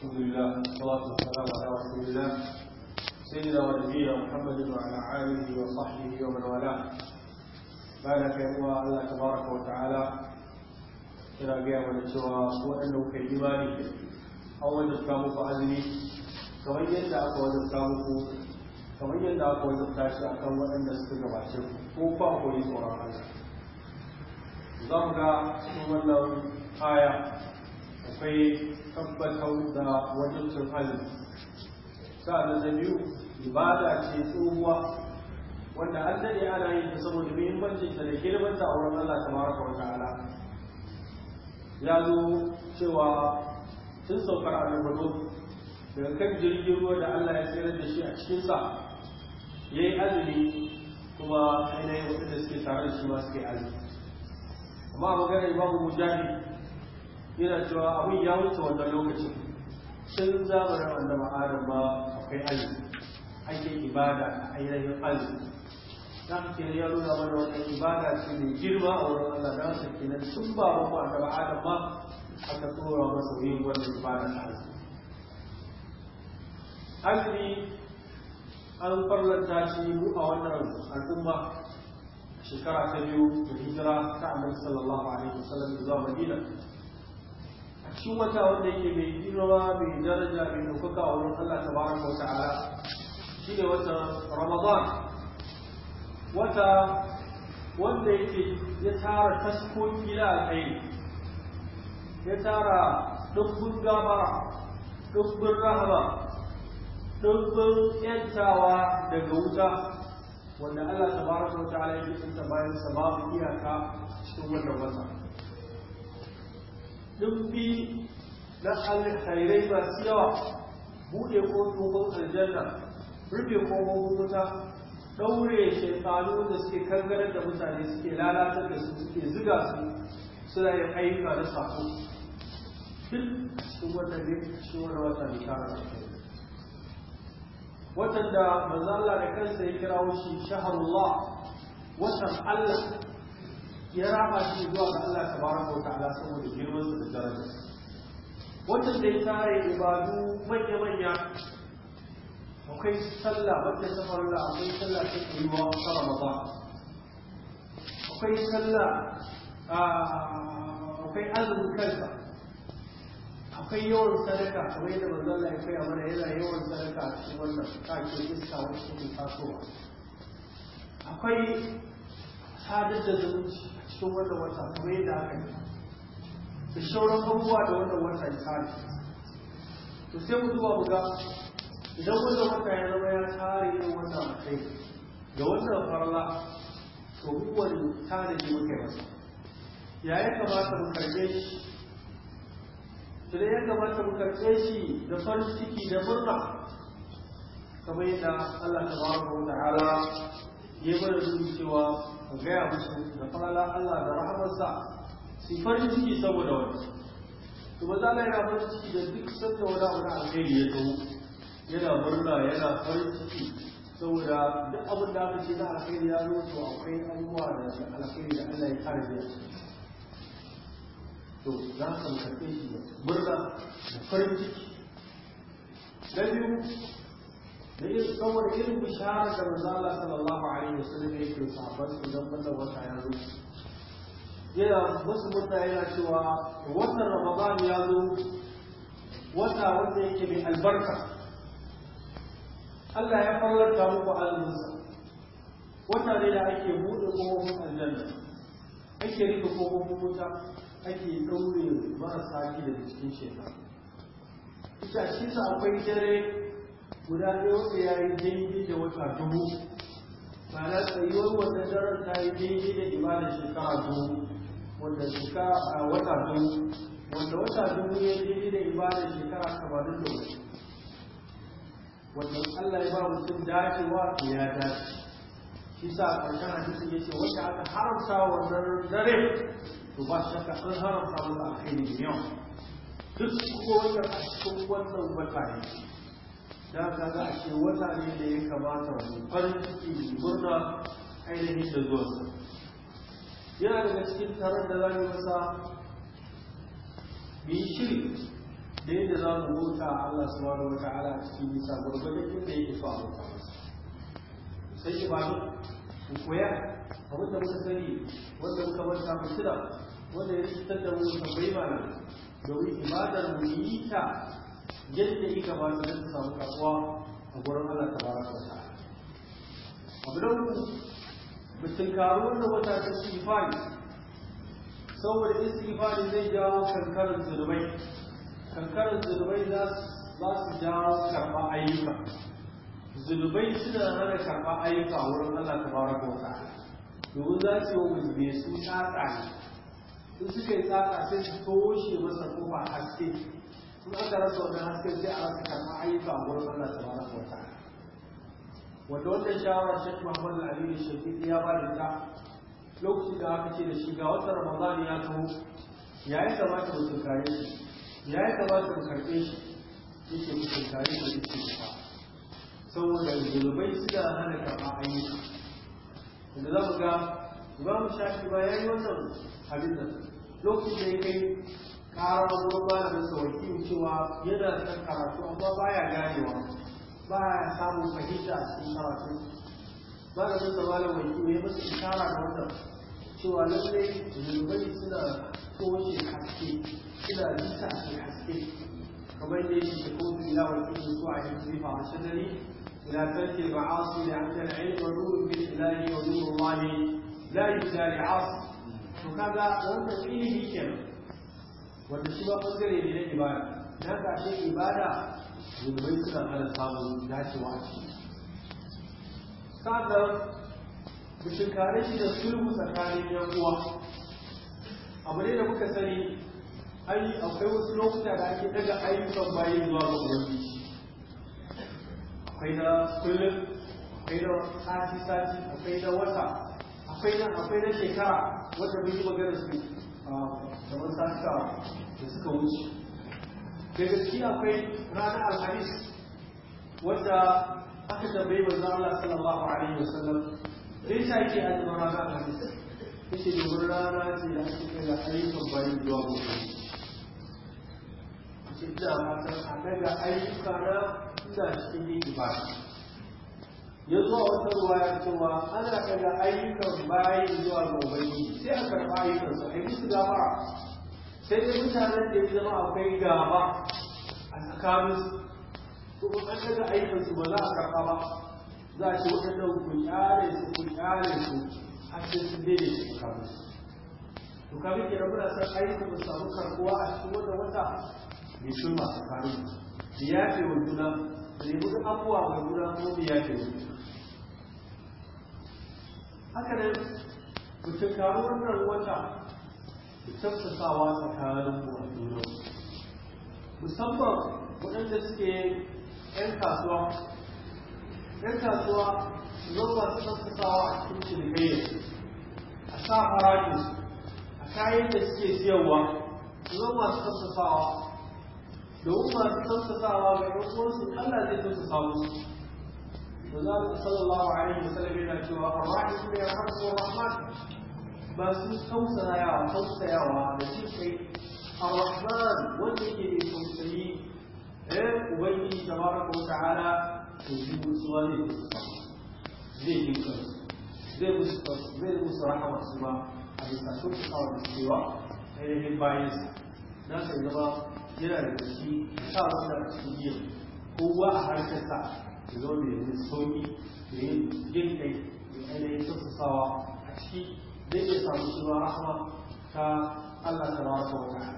Alhamdulillah, salatu salam ala Rasulillah Sayyidina wa Nabiya Muhammad wa ala alihi wa sahbihi wa man wala Baraka wa Allah tabaraka wa ta'ala Kira biya wa nasuwa wa anu kajibani Awal jatkamu fa azni Kaman yanda aku wa jatkamu ku Kaman yanda aku wa jatkashi akan wa anna sikaga wa shirku Kufa ku yi surah Allah Zamga, wallahu, ayah sai tabbatar da wajen turhali sa da biyu ibada ce tsohuwa wanda an daɗe ana yin ta saboda ta da girmanta a wurin Allah tabaraka wa ta'ala ya zo cewa tun saukar annabawa daga kan jirgin ruwa da Allah ya tsere da shi a cikinsa ya yi azumi kuma ainihin waɗanda suke tare da shi ma suke azumi amma a maganar imamu mujahid yana cewa abin ya wuce wannan lokacin sun zamanin wanda ma'adar ba akwai azu ake ibada a ainihin azu na kira ya nuna mana wata ibada ce mai girma a wurin Allah da wasu kenan sun ba ba ba da ma'adar ba aka tsora masa yin wannan ibada ta azu azumi an farlanta shi mu a wannan al'umma shekara ta biyu da hijira ta annabi sallallahu alaihi wasallam zuwa madina shi wata wanda yake mai girma mai daraja mai ɗaukaka a wurin Allah ta baraka wa ta'ala shine wata Ramadan wata wanda yake ya tara taskoki na alkhairi ya tara dubbun gaba dubbun rahama dubbun yantawa daga wuta wanda Allah ta baraka wa ta'ala yake tsinta bayan sababin babu iyaka cikin wannan wata sun na alkhairai masu yawa buɗe ƙofofin aljanna rufe ƙofofin wuta ɗaure shekaru da suke kangarar da mutane suke lalatar da su suke ziga su suna yin ayyuka na sako Fil su wannan ne cikin wani wata mai kara watan da manzo Allah da kansa ya kira shi shaharullah watan Allah ya raba shi zuwa ga Allah tabaraka wa ta'ala saboda girman sa da daraja wannan da ya tare ibadu manya manya akwai sallah wanda ta da akwai sallah ta tsayuwa ta ramadan akwai sallah akwai azumin kansa akwai yawan sadaka kamar yadda manzon Allah ya koya mana yana yawan sadaka a cikin wannan kake iska wacce take tasowa akwai sadar da zumunci a cikin wannan wata kuma yadda aka yi da shauran abubuwa da wannan wata ya tsari to sai mu zuwa mu ga idan wannan wata ya zama ya tsari yin wata a kai ga wannan farla to kowane tanadi ne muke masa ya ya kamata mu karɓe shi sai ya kamata mu karɓe shi da farin ciki da murna kamar yadda Allah ta ba wa ta'ala ya bada cewa ku gaya musu da falala Allah da rahamarsa su farin ciki saboda wani to ba za yana farin ciki da duk sanda wani abu na alheri ya zo yana murna yana farin ciki saboda duk abin da aka ce na alheri ya zo to akwai abubuwa da alheri da Allah ya kare da to za ka karɓe shi da murna da farin ciki na biyu da yin saboda irin bishara da manzo Allah sallallahu alaihi wasallam ya ke sahabban idan wannan wata ya zo yana musu mutane yana cewa wannan Ramadan ya zo wata wanda yake mai albarka Allah ya farlanta muku almunsa wata ne da ake buɗe kofofin aljanna ake rufe kofofin wuta ake ɗaure marasa gida cikin shekara ita shi sa akwai dare guda ɗaya wanda ya yi daidai da wata dubu ma'ana tsayuwar wata daren ta yi daidai da imanin shekara dubu wanda shekara a wata dubu wanda wata dubu ya yi daidai da imanin shekara tamanin da wata wanda Allah ya ba mutum dacewa ya dace shi sa a ƙarshen hadisin ya ce wanda aka haramta wannan dare to ba shakka an haramta masa alkhairi da yau duk kowace a cikin wannan wata ne da ka ga ce wata ne da ya kamata mu farin ciki mu murna ainihin da zuwansa yana daga cikin taron da za mu masa mu yi shiri da yadda za mu a Allah subhanahu wa ta'ala a cikin nisa gurgurdan inda yake ya sai shi ba ku koya da muka sani wanda muka manta mu shira wanda ya fitar da mu tambayi malamai domin ibadar mu yi ta yadda ita ba ta ta samu kasuwa a gurin Allah ta bara ta ta abu da mu tunkaru wanda wata ta istighfari saboda istighfari zai jawo kankarar zunubai kankarar zunubai za su jawo karɓar ayyuka zunubai suna hana karɓar ayyuka wurin Allah ta bara ta domin za su yi wa musulmi su tsatsa ne in suka yi tsatsa sai su toshe masa kofa in aka rasa wannan hasken sai a rasa karɓar ayyuka a gurin Allah subhanahu wa ta'ala wanda wannan shawara Sheikh Muhammad Al-Aliyu Shafiqi ya ba da ita lokacin da aka ce da shi ga watan Ramadan ya taho ya yi kamata mu tunkare shi ya yi kamata mu karɓe shi yake mu tunkare shi yake kusa saboda zulubai suna hana karɓa ayyuka da za mu ga ba mu shafi ba ya yi wannan abin nan lokacin da ya kai har wasu malamin sa wakilin cewa yana da karatu amma baya ganewa baya samun fahimta a cikin karatu malamin sa malam wakilin ya masa ishara da wannan cewa lallai zunubai suna toshe haske suna bisa shi haske kamar da yake da kofi ila wakilin su a yanzu ba a sanari لا تلك المعاصي لأن العلم نور من الله ونور الله لا يزال عاصي وكذا وأنت فيه كلمة wanda shi ba bangare ne na ibada na gashe ibada zunubai suna hana samun dacewa ce ciki sannan mu shinkare shi da sulhu tsakanin yan uwa abu ne da muka sani ai akwai wasu lokuta da ake daga ayyukan bayan zuwa ga ubangiji akwai na kullum akwai na sati sati akwai na wata akwai na akwai na shekara wanda mun yi magana su ah, da da suka wuce da gaskiya akwai ranar alhamis wadda aka tambayi manzo Allah sallallahu alaihi wasallam sai ta ranar rana ce da ake kai bayan daga ayyuka na ina cikin ya zuwa wata ya cewa ana daga ayyukan bayan zuwa ga ubangiji sai a karɓa ayyukan su ayi su gaba sai dai mutanen da ya zama akwai gaba a tsakanin su ba an daga ayyukan su ba za a karɓa ba za a ce waɗannan ku kunyare su ku kyale su har sai su tsakanin su to kafin kenan muna san ayyukan su samu karɓuwa a cikin wata wata mai shirma tsakanin su ya ce wa juna ne musu abubuwa ga juna kuma mu yafe su haka nan mu tunkari wannan wata su tafsasawa tsakanin mu a juna musamman waɗanda suke 'yan kasuwa 'yan kasuwa zo masu tafsasawa a cikin cinikayya a sa harajinsu a kayan da suke siyarwa zo su tafsasawa da umma su tausasawa ga yan uwansu Allah zai tausasa musu da za mu sallallahu alaihi wasallam yana cewa arrahimu ya rahmu wa rahman masu tausayawa tausayawa da jin kai arrahman wanda yake mai tausayi eh ubangiji tabaraka wa ta'ala to shi musuwa ne zai yi kansu zai musu zai musu rahama su ba a bisa tausasawa da cewa ainihin bayansa na sai zama yana da shi sa su da cikin kowa a harshensa ya zo da yanzu sauki da yin yin kai da ainihin sassasawa a ciki zai iya samu shi ma rahama ta Allah ta rawa ta wata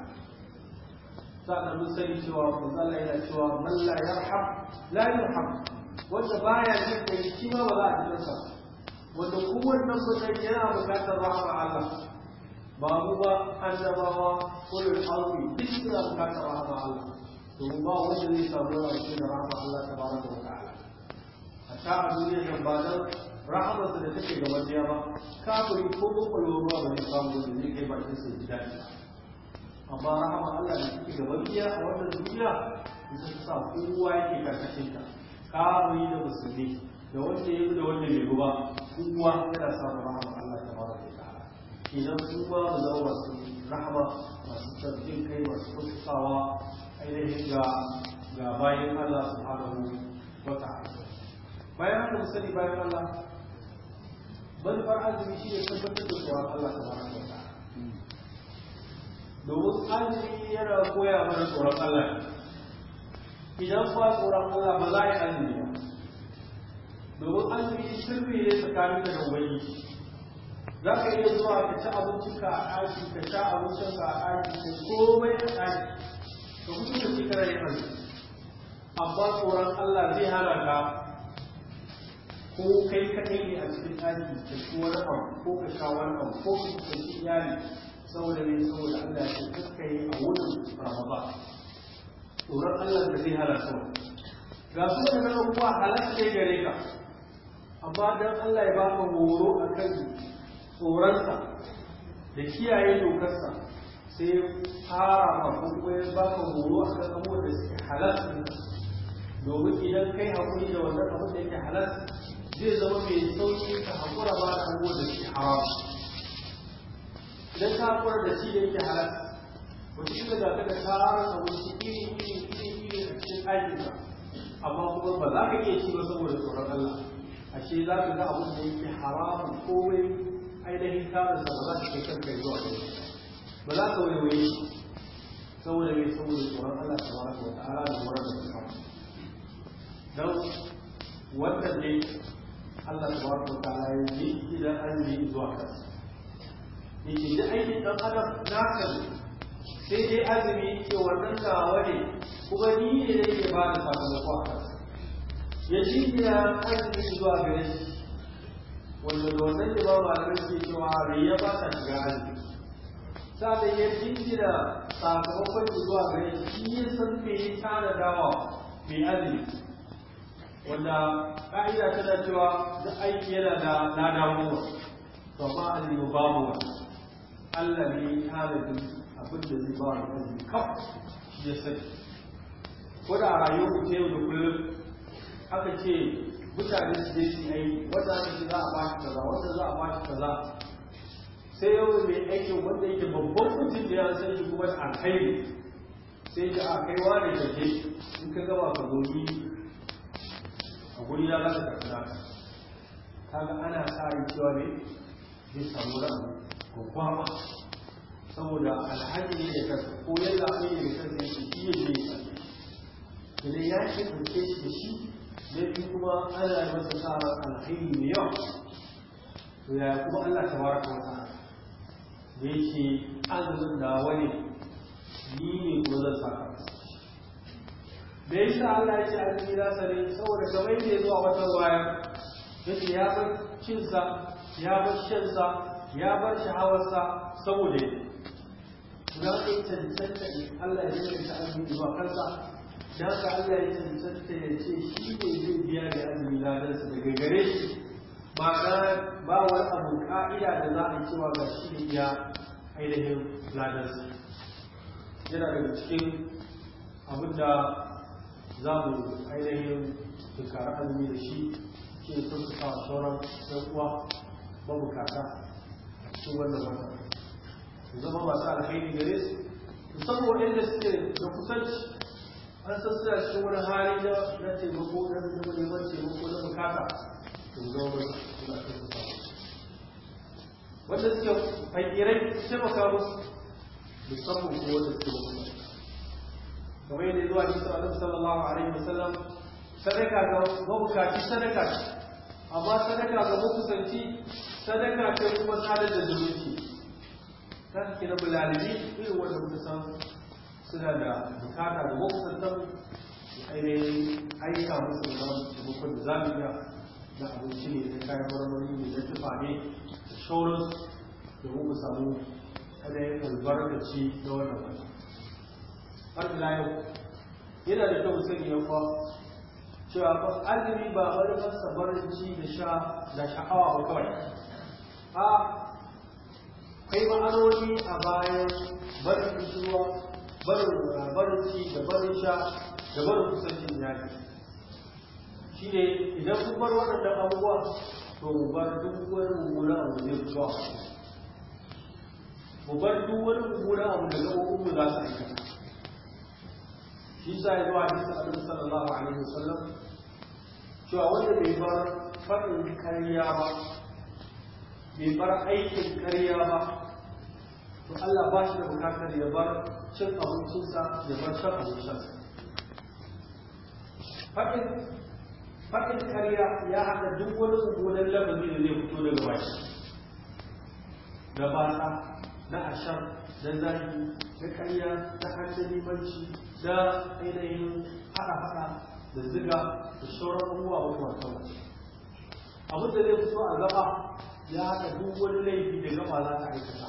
sa'an mun sani cewa manzala yana cewa man la yarham la yarham wanda baya jin kai shi ma ba za a ji nasa wanda kowannan mutum yana bukatar rahama Allah ba mu ba annabawa kullum alfi duk suna bukatar rahama Allah domin ba wanda zai samu yawa cikin da rahama Allah ta bara da wata ala a ta a duniyar nan ba nan rahamarsa da take ga wajiya ba kafiri ko ba samu wanda zai kai bakin sa ji A amma rahama Allah da take ga wajiya a wannan duniya ita ta sa kowa yake karkashin ta kafiri da musulmi da wanda ya da wanda bai ba Allah ta Idan su ba mu zama masu rahama masu tabbin kai masu kusurtawa ainihin ga ga bayan Allah su halamu wata bayan haka mu sani bayan Allah manufar azumi shi ne tabbatar da tsoron Allah ta bara wata domin azumi yana koya mana tsoron Allah idan ba tsoron Allah ba za a yi azumi ba domin azumi shirme ne tsakanin da ubangiji za ka iya zuwa ka ci ka a ɗaki ka sha ka a ɗaki ka komai a ɗaki ka mutu ka ci kare kan amma tsoron Allah zai hana ka ko kai kaɗai ne a cikin ɗaki ka ci wani abu ko ka sha wani abu ko ka ci iyali saboda ne saboda Allah ya ce ka yi a wurin Ramadan tsoron Allah da zai hana ka ga su da na kuwa halatta gare ka amma dan Allah ya ka horo a kan tsoronsa da kiyaye dokarsa sai fara ma ko ba ka horo a kan abubuwan da suke halas domin idan kai haƙuri da wannan abin da yake halas zai zama mai sauƙi ka haƙura ba da abubuwan da suke haram idan ka haƙura da shi da yake halas wata shi da ka da tsarar ka wasu iri iri iri iri a cikin aikinka amma kuma ba za ka iya ci ba saboda tsoron Allah ashe za ka ga abin da yake haramun komai ainihin karin sa ba za ka ke kan kai zuwa ba za ka waiwaye saboda mai saboda tsoron Allah ta bara ka da tsoron da ta Dan wannan ne Allah ta bara ka ya yi idan an yi zuwa kansa yake da aikin dan adam na kan sai dai azumi ke wannan kawo ne kuma ni ne nake ba da sakamako a kansa ya jinya azumi zuwa gare shi wanda da wannan ne ba malamai suke cewa riya ba ta shiga arziki sa'an ya jingina sakamakon zuwa gare shi ya san me ya tana dawa mai arziki wanda ka'ida tana cewa duk aiki yana da ladamuwa to ba arziki babu ba. Allah ne ya tana abin da zai ba wa arziki kaf shi ya sani ko da a rayuwar ku ta yau da kullum aka ce mutane su je su yi wanda aka za a ba shi kaza wanda za a ba shi kaza sai yau mai aikin wanda yake babban mutum da ya san shi kuma a kai sai ka a kai wa da kake in ka gaba ka gobi a guri na za ka ta ga ana sa cewa ne zai samu ran gwagwama saboda alhaji ne da kasa ko yalla ne da ne shi ne ne ya ce ɗauke shi shi sai kuma Allah ya masa sa alkhairi mai yawa to ya kuma Allah ta tabaraka wa ta'ala da yake azumin da wani ni ne ko zan saka da yasa Allah ya ce a cikin sa ne saboda kamar da ya zuwa wata waya yace ya bar cinsa ya bar shansa ya bar sha'awarsa saboda ya za ka yi cancanta Allah ya yi ta azumi zuwa kansa da haka Allah ya cancanta ya ce shi ne zai biya da azumi ladansa daga gare shi ba ba wani abu ka'ida da za a cewa ga shi ne ya ainihin ladansa yana daga cikin abin da za mu ainihin tunkara azumi da shi shi ne sun sa sauran ɗan uwa mabukata cikin wannan wata zama masu alkhairi gare su musamman waɗanda suke da kusanci an sassara shi wani hali na taimako na zama neman taimako na bukata to zama suna taimaka wanda suke fakirai su taimaka musu musamman ko wanda suke musu kamar yadda zuwa cikin annabi sallallahu alaihi wasallam sadaka ga mabukaci sadaka amma sadaka ga makusanci sadaka kai kuma sadar da zumunci ta ke na bulalibi irin wanda muka samu suna da bukata da makusantan ainihin aika musu da zama taimakon da za mu iya da abinci ne da kayan marmari ne da tufa ne da shauransu da mu samu ainihin albarkaci na wannan wata har ila yau yana da kyau sani ya kwa cewa ba azumi ba barkarsa barci da sha da sha'awa ba kawai a kai ma'anoni a bayan barin ruwa barin barin ci da barin sha da barin kusancin iyali shi ne idan kun bar waɗannan abubuwa to mu bar duk wani mummuna abu ne zuwa mu bar duk wani mummuna abu da gaɓoɓin mu za su aikata shi sa ya zuwa hadisi annabi sallallahu alaihi wasallam cewa wanda bai bar faɗin kariya ba bai bar aikin kariya ba to Allah ba shi da bukatar ya bar cin abincinsa da ban shan abincinsa faɗin faɗin karya ya haɗa duk wani mummunan lamari da zai fito daga baki da batsa na ashar da zaki da karya da hajjalibanci da ainihin haɗa-haɗa da ziga da sauran abubuwa makamantan abin da zai fito a gaba ya haɗa duk wani laifi da gaba za ta aikata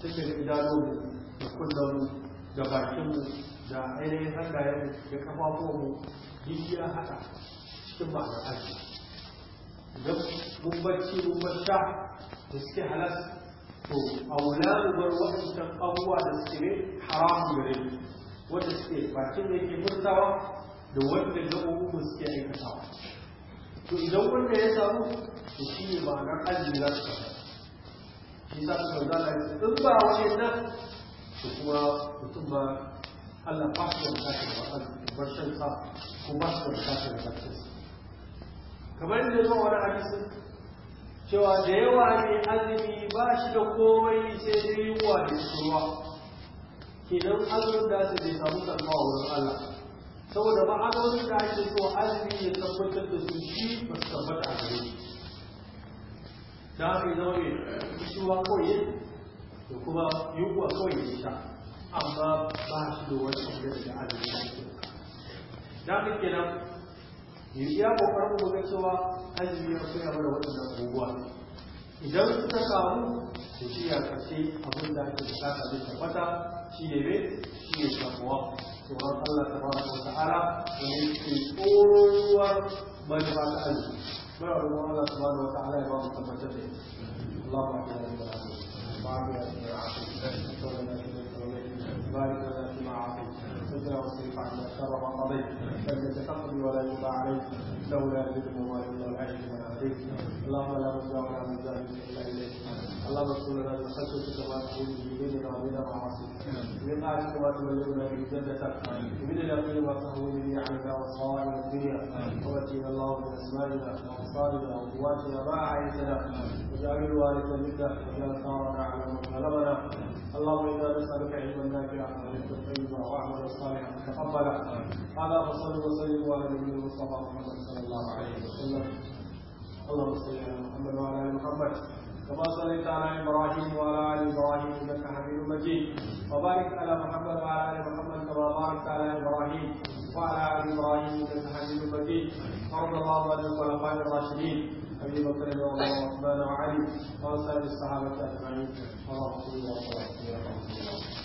take idanu da kullum da bakinmu da ainihin hangayen da kafafuwanmu jijiyar ya cikin ba da idan mun bacci mun da suke halas to a wula rubar waɗancan abubuwa da suke ne haram gare ni wanda suke bakin da yake murtawa da wanda abubuwa suke aikatawa to idan wanda ya samu to shi ne ba ma'anar ajiye za su faɗa shi za su za zauna in ba wani nan da kuma mutum ba Allah ba su da bukatar ba Allah ba su da bukatar da kamar yadda zuwa wani hadisin cewa da yawa ne azumi ba shi da komai sai dai yunwa da tsuruwa idan azumin da su bai samu karɓa wurin Allah saboda ba azumin da ake so azumi ya tabbatar da su shi ba su tabbata a gare shi da haka zama mai kusurwa kawai da kuma yi kuwa kawai da sha amma ba shi da wani abu da azumi da ke da haka kenan ya kokarin mu ga cewa azumi ya koya mana waɗannan abubuwa idan ta samu da shi ya kashe abin da ake bukata zai tabbata shi ne mai shi ne shafuwa tsoron Allah ta ba su wa da wani ke tsoruwar ba ta arziki muna roƙon Allah ta ba wa ta'ala ya ba mu tabbatar da ya Allah ba ta yi 八点五十二分 شر ما قضيت لم يتفقد ولا يقطع عليك لولا يدرك المال والعيش من عليك اللهم لا مرجع ولا مرجع إلا إليك اللهم اغفر لنا بخشيتك ما تقول به بيننا وبين معاصيك من أعلمك ما تبلغنا به جدتك من اليقين ما تهون به علينا وصائر الدنيا ومتينا الله من اسمائنا وأبصارنا وقواتنا ما أعيتنا وجعل الوالد منك وجعل ثارنا على من ظلمنا اللهم انا نسالك علما نافعا ورزقا طيبا وعملا صالحا تقبلا على وصل وسلم على نبينا المصطفى محمد صلى الله عليه وسلم اللهم صل على محمد وعلى ال محمد كما صليت على ابراهيم وعلى ال ابراهيم انك حميد مجيد وبارك على محمد وعلى ال محمد كما باركت على ابراهيم وعلى ال ابراهيم انك حميد مجيد وارض اللهم عن الخلفاء الراشدين ابي بكر رضي الله عنه وعلي واصحاب الصحابه اجمعين ورحمه الله صلى الله عليه وسلم